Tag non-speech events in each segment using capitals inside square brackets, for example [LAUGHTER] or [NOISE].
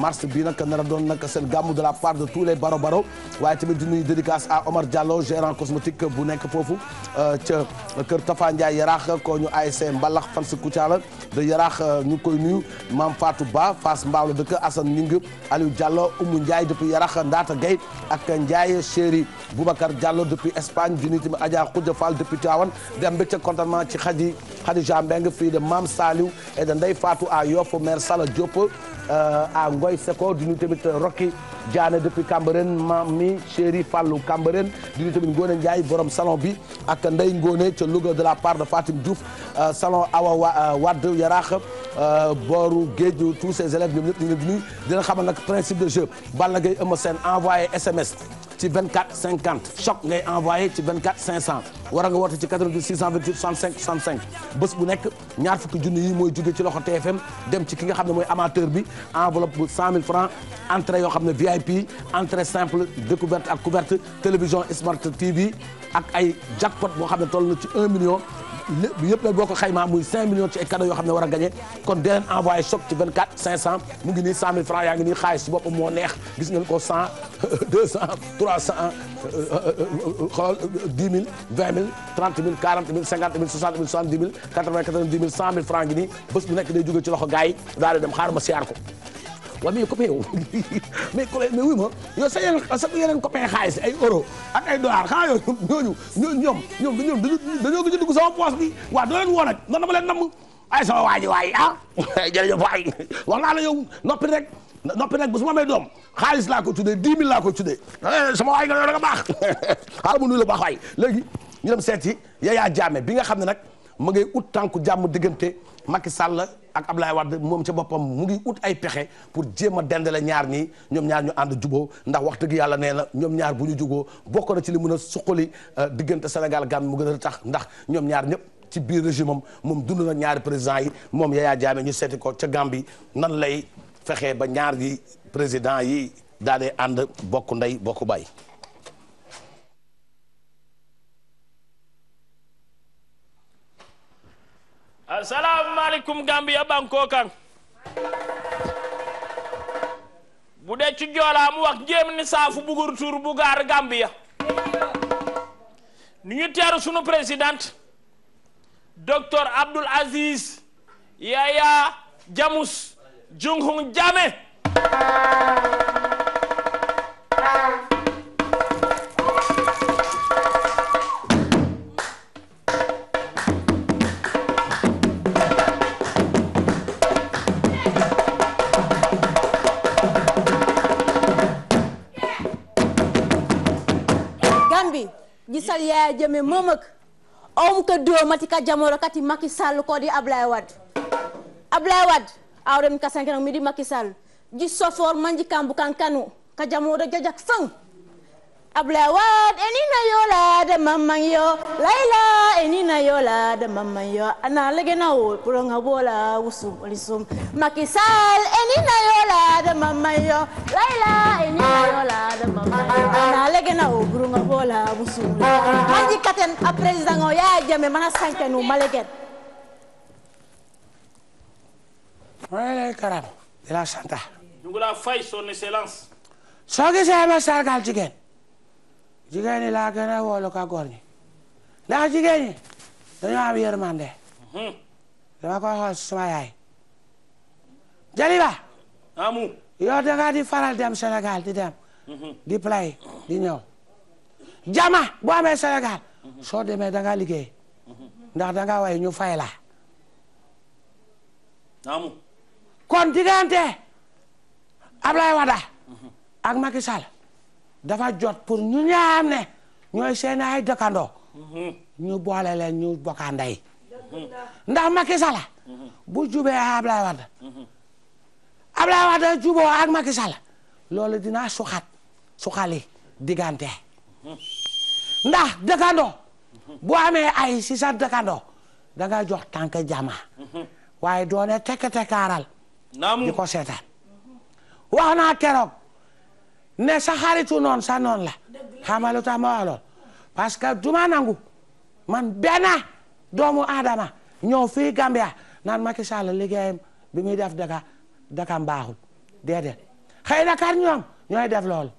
mars bi nag nar a doon nag seen gàmmu de la part de tous les baro baro waaye tamit di nuyu dédicace à Omar Diallo gérant cosmétique bu nekk foofu euh, ca kër Tafa Ndiaye Yaraax koo ñu ASC Mbalax fan si Kouthia la de Yaraax euh, ñu koy nuyu Mame Fatou Ba Fass Mbaaw la dëkk Assane Ning Aliou Diallo Oumou Ndiaye depuis Yaraax Ndaata Gueye ak Ndiaye Chéri Boubacar Diallo depuis Espagne di nuyu tamit Adja Khoudia Fall depuis Tivaouane di am mbégte contentement ci xaj Khadija Mbeng fille de Mam Saliou et de Ndeye Fatou à Yoff mère Sala Diop euh, à Ngoy Seko di nuyu tamit Rocky Diané depuis Cambérène mi Chéri Fallou Cambérène di nuyu tamit Ngone Ndiaye borom salon bi ak Ndeye Ngone ca Louga de la part de Fatim Diouf euh, salon Awa euh, Wade Yaraax booru géej tous ses élèves ñoom ñëpp ñu ngi leen di xamal nag principe de jeu Balla Gaye Eumeu envoyé SMS ci 24 50 choc ngay envoyé ci 24 500 war a nga woote ci 88 628 65 65 bés bu nekk ñaar fukki junni yi mooy jóge ci loxo TFM dem ci ki nga xam ne mooy amateur bi enveloppe bu 100 000 francs entrée yoo xam ne VIP entrée simple découverte ak couverte télévision Smart TV ak ay jackpot boo xam ne toll na ci un million lépp yëpp nag boo ko xaymaa muy 5 millions ci ay cadeaux yoo xam ne war a gagné kon di leen envoyé choc ci 24 500 mu ngi nii 100000 francs yaa ngi nii xaalis ci boppam moo neex gis ngeen ko 100 200 300 xool 10 000 20 000 30 000 40 000 50 000 60 000 70 000 80 90 000 100000 francs ngi nii bés bu nekk day jóge ci loxo gars yi daal di dem xaar ma siyaar ko. waa mais copain mais copain mais wuy sa sa yeneen copain xaalis ay euro ak ay dollar xanaa yow ñooñu ñoom ñoom ñoom dañoo gëj a dugg sama poche bi waaw doo leen woo nag ndax dama leen namm waa ji waay ah [LAUGHS] jërëjëf waay wax naa la yow noppi rek noppi rek bu su ma amee doom xaalis laa ko tuddee dix mille laa ko tuddee eh, sama waay nga yow baax [LAUGHS] xaaral mu nuyu la baax léegi ñu dem seeti Yaya Jammeh bi nga xam ne nag ma ngay ut tànku jàmm diggante Macky Sall ak Ablaye Wade moom ca boppam mu ngi ut ay pexe pour jéem a dendale ñaar ñii ñoom ñaar ñu ànd juboo ndax wax dëgg yàlla nee na ñoom ñaar bu ñu juboo bokk na ci li mun a suqali euh, diggante Sénégal Gambie mu gën a tax ndax ñoom ñaar ñëpp ci biir régime am moom dund na ñaar président yi moom Yaya Jammeh ñu seeti ko ca Gambie nan lay fexe ba ñaar yi président yi daal di ànd bokk nday bokk baay. salaamaaleykum Gambia bankoo kan bu dee ci joolaa mu wax jéem ni saafu bugur tur bu gaar Gambia nu ñu teeru sunu président docteur Abdoul Aziz Yaya Jamus Junghun Jame ngal Yaya Jammeh om ko do ka jamoro kati Macky Sall ko di Ablaye Wade Ablaye Wade awrem ka sankana mi di Macky Sall ji sofor manji kankanu ka jamoro jajak sang Ablaye Wade enina yola de mamman yo Laila mamman yo ana lege na wo pulong habola usum lisum Macky Sall enina yola de la busuli anji katen a président o Yaya Jammeh mana sankenu maleget wala karam de la santa dugula fay son excellence soo gisee ma sargal jigéen jigéen ñi laa gën a wóolu ka góor ñi ndax jigéen ñi dañoo am yërmande mhm. dama ko xool suma yaay Jaliba amu yow da nga di faral dem Sénégal di dem mhm. di play di ñëw jama boo amee Sénégal soo demee da ngaa liggéey ndax da way ñu fay la kon diggante Ablaye Wada ak Macky Sall dafa jot pour ñu ñaam ne ñooy seen ay dëkkandoo ñu boole leen ñu bokka ndey ndax Macky Sall bu jubee Ablaye Wade Ablaye Wade juboo ak Macky Sall loolu dinaa suxat suxali diggante ndax dëkkandoo bu amee ay si sa dëkkandoo da nga jox tànk jama waaye doone tekk tekkaaral di ko seetaan wax naa keroog ne sa xaritu noon sa noon la xamalu tax ma lool parce que duma nangu man benn doomu Adama ñëw fii Gambia naan Macky Sall liggéeyam bi muy def daka daka mbaaxul déedéet xëy na kar ñoom ñooy def loolu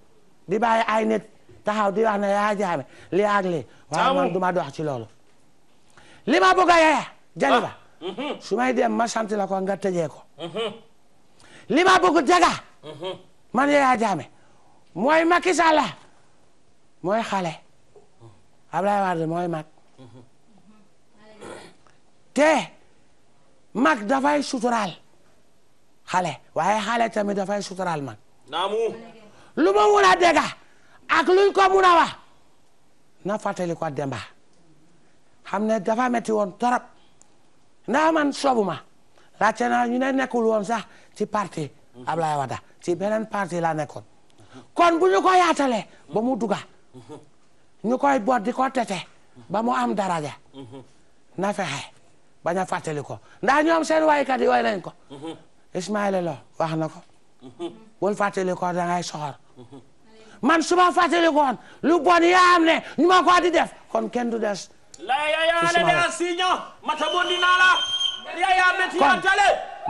di bàyyi ay nit taxaw di wax ne yaa jaame li ak li waaye man du ma dox ci loolu li ma bëgg a yaya jali ba ah, mhm. su may dem ma sant la ko nga tëjee ko mhm. li ma bëgg jaga mhm. man yaya jaame mooy Macky Sall la mooy xale Abdoulaye Wade mooy mag te mag dafay suturaal xale waaye xale tamit dafay suturaal mag lu ma mun a ak luñ ko mun a wax na fàttali ko Demba xam ne dafa metti woon torop ndax man sobuma laajte naa ñu ne nekkul woon sax ci parti Ablaye Wada ci beneen parti la nekkoon kon bu ñu ko yaatalee ba mu duga ñu koy boot di ko tete ba mu am daraja na fexe bañ a fàttali ko ndax ñoom seen waykat yi way nañ ko uhuh. Ismaïla Lo wax na ko uhuh. bul fàttali ko da soxor man su ma fàttalikoon lu bon yaa ne ñu ma ko di def kon kenn du des. kon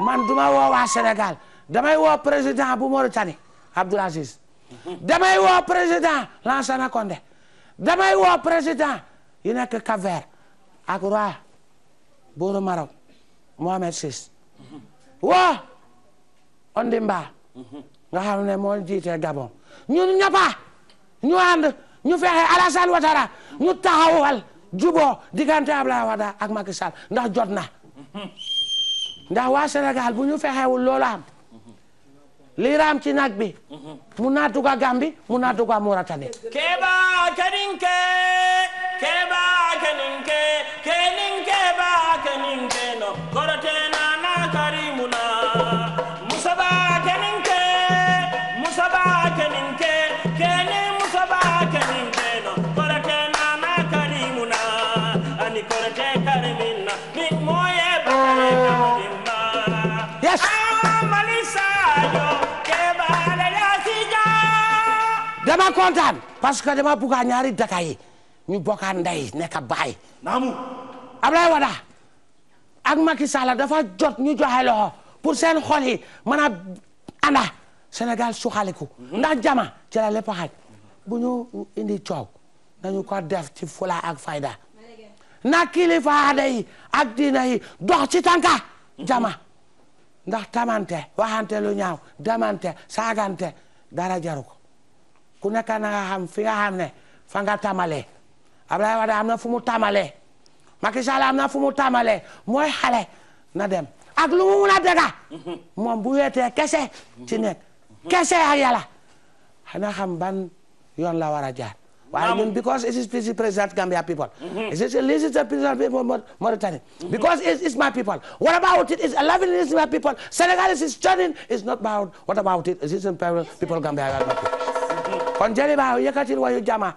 man du ma woo waa Sénégal damay woo président bu Mauritanie Abdoul damay woo président Lansana Condé damay woo président yi nekk Cap-Vert ak roi buuru Maroc Mohamed VI woo Ondimba nga xam ne moo jiite Gabon ñun ñëppa ñu ànd ñu fexe Alassane Ouattara ñu taxawal juboo diggante Abdoulaye Wade ak Macky ndax jot na ndax waa Sénégal bu ñu fexewul loolu am li ci nag bi mu naatu ga Gàmbi mu naatu ga Mauritanie keba kaninke keba kaninke kaninke dama kontaan parce que dama bugg a ñaari daka ñu bokk a ndey nekk Wada ak Macky Sall dafa jot ñu joxe loxo pour seen xol yi mën a ànda mhm. ndax jama ci la bu ñu indi coow nañu ko def ci fula ak fayda. na kilifa aada ak diina yi dox ci tànka mhm. jama ndax tamante waxante lu ñaaw damante saagante dara jaru ko ku nekk na nga xam fi nga xam ne fanga nga tàmbalee Abdoulaye am na fu mu tàmbalee Macky Sall am na fu mu tàmbalee mooy xale na dem ak lu mu mun a moom bu weetee kese ci nekk kese ak yàlla xana xam ban yoon la war a jaar. waaye ñun because it is president Gambia people. it is a legislative president people Mauritania. because it is my people. what about it is a loving it is my people Senegal is turning is not about what about it it is people Gambia. kon jëli baaw yëkkatil wayu jama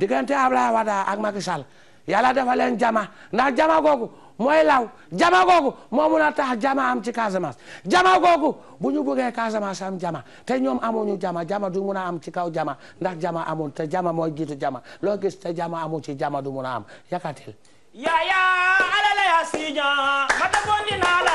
diggante Ablaye Wade ak Macky Sall yàlla dafa leen jama ndax jama googu mooy law jama googu moo mun a tax jama am ci Casamance jama googu bu ñu bëggee Casamance am jama te ñoom amuñu jama jama du mun a am ci kaw jama ndax jama amul te jama mooy jiitu jama loo gis te jama amul ci jama du mun a am yëkkatil. la